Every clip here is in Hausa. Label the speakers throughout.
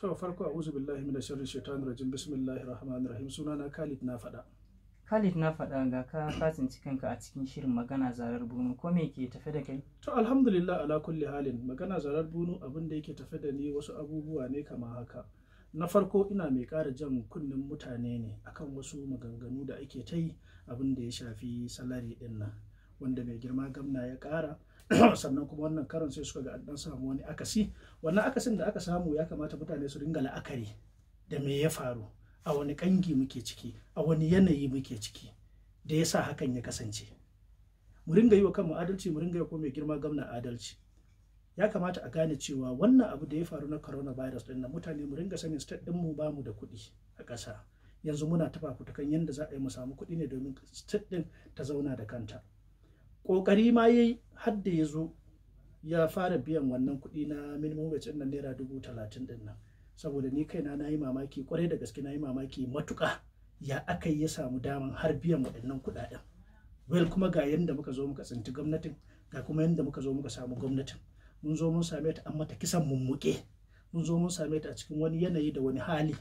Speaker 1: to farko a'udhu billahi minash sharri shaitanir rajim bismillahi rahman rahim sunana Khalid na faɗa Khalid na faɗa ga ka kasance kanka a cikin shirin magana zarar bunu ko me ke tafe da kai
Speaker 2: to alhamdulillah ala kulli halin magana zarar bunu abin da yake tafe da ni wasu abubuwa ne kama haka na farko ina mai ƙara jan kunnen mutane ne akan wasu maganganu da ake ta yi abin da ya shafi salari ɗin nan wanda mai girma gamna ya kara sannan kuma wannan karon sai suka ga an samu wani akasi wannan akasin da aka samu ya kamata mutane su ringa la'akari da me ya faru a wani kangi muke ciki a wani yanayi muke ciki da ya sa hakan ya kasance mu ringa yi wa kanmu adalci mu ringa yi wa mai girma gamna adalci ya kamata a gane cewa wannan abu da ya faru na coronavirus din nan mutane mu ringa sanin state din mu bamu da kuɗi a ƙasa yanzu muna kan yadda za a yi mu samu kuɗi ne domin state din ta zauna da kanta ƙoƙari ma ya yi har da ya zo ya fara biyan wannan kuɗi na minimum wage nan naira dubu talatin ɗin nan saboda ni kaina na yi mamaki kwarai da gaske na yi mamaki matuƙa ya aka ya samu daman har biyan waɗannan kuɗaɗen wel kuma ga yadda muka zo muka tsinci gwamnatin ga kuma yadda muka zo muka samu gwamnatin mun zo mun same ta an mata kisan mummuke mun zo mun same ta a cikin wani yanayi da wani hali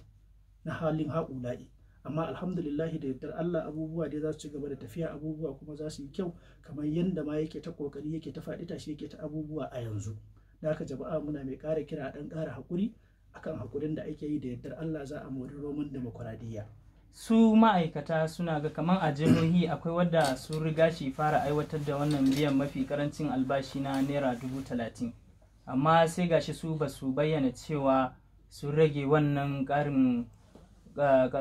Speaker 2: na halin ha'ula'i amma alhamdulillahi da yardar Allah abubuwa dai za su ci gaba da tafiya abubuwa kuma za su yi kyau kamar yadda ma yake ta kokari yake ta faɗi tashi yake ta abubuwa a yanzu da haka jama'a muna mai ƙara kira dan ƙara hakuri akan hakurin da ake yi da yardar Allah za a mori roman demokuraɗiyya.
Speaker 1: su ma'aikata suna ga kamar a jihohi akwai wadda sun riga shi fara aiwatar da wannan biyan mafi karancin albashi na naira dubu talatin amma sai gashi su ba su bayyana cewa sun rage wannan karin.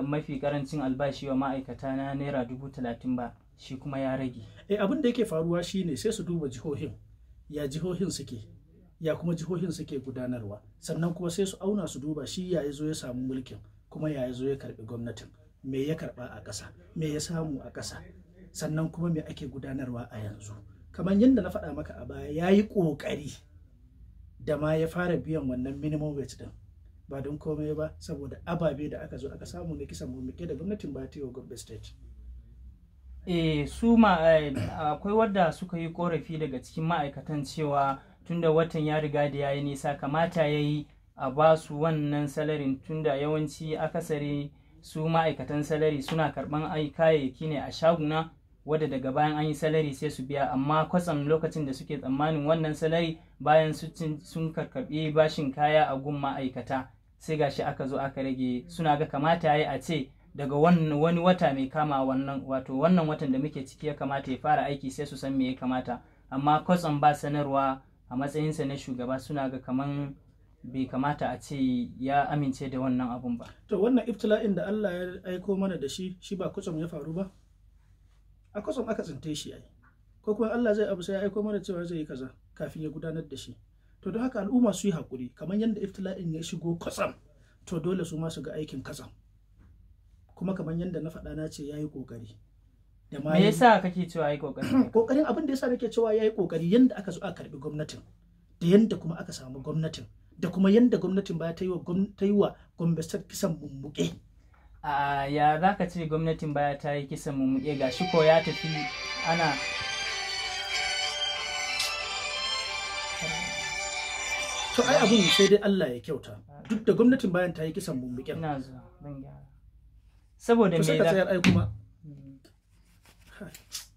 Speaker 1: mafi karancin albashi wa ma'aikata na
Speaker 2: naira dubu talatin ba shi kuma ya rage eh abin da yake faruwa shine sai su duba jihohin ya jihohin suke ya kuma jihohin suke gudanarwa sannan kuma sai su auna su duba shi ya zo ya samu mulkin kuma ya zo ya karbi gwamnatin me ya karba a ƙasa me ya samu a ƙasa sannan kuma me ake gudanarwa a yanzu kamar yadda na faɗa maka a baya ya yi ƙoƙari da ma ya fara biyan wannan minimum wage din ba don komai ba saboda ababe da aka zo aka samu ne kisan mummuke da gwamnatin ba gombe state
Speaker 1: eh su ma eh, akwai wadda suka yi korafi daga cikin ma'aikatan cewa tunda watan ya riga da yayi yi nisa kamata ya a ba su wannan salarin tunda yawanci akasari su ma'aikatan salari suna karban ai kayayyaki ne a shaguna wadda daga bayan an yi salari sai su biya amma kwatsam lokacin da suke tsammanin wannan salari bayan sun karkabi bashin kaya a gun ma'aikata sai gashi aka zo aka rage suna ga kamata yi a ce daga wani wata mai kama wannan wato wannan watan da muke ciki ya kamata ya fara aiki sai su san me ya kamata amma kwatsam ba sanarwa a matsayinsa na shugaba suna ga kaman bai kamata a ce ya
Speaker 2: amince da wannan abun ba. To wannan iftila'in da Allah ya aiko mana da shi shi ba kutsam ya faru ba? A kutsam aka tsinte shi ai. Ko kuma Allah zai abu sai ya aiko mana cewa zai yi kaza kafin ya gudanar da shi. to don haka al'umma su yi haƙuri kamar yadda iftila'in ya shigo kwatsam to dole su ma su ga aikin kwatsam kuma kamar yadda na faɗa na ce ya yi ƙoƙari me yasa kake cewa ya yi kokari kokarin abin da yasa nake cewa ya yi kokari yadda aka zo aka karbi gwamnatin da yadda kuma aka samu gwamnatin da kuma yadda gwamnatin baya ta yi wa ta kisan mummuke
Speaker 1: a ya zaka ce gwamnatin baya ta yi kisan mummuke gashi ko ya tafi ana
Speaker 2: to ai abun sai dai Allah ya kyauta duk da gwamnatin bayan ta yi kisan mummuken na zuwa zan gyara saboda me da kuma hmm.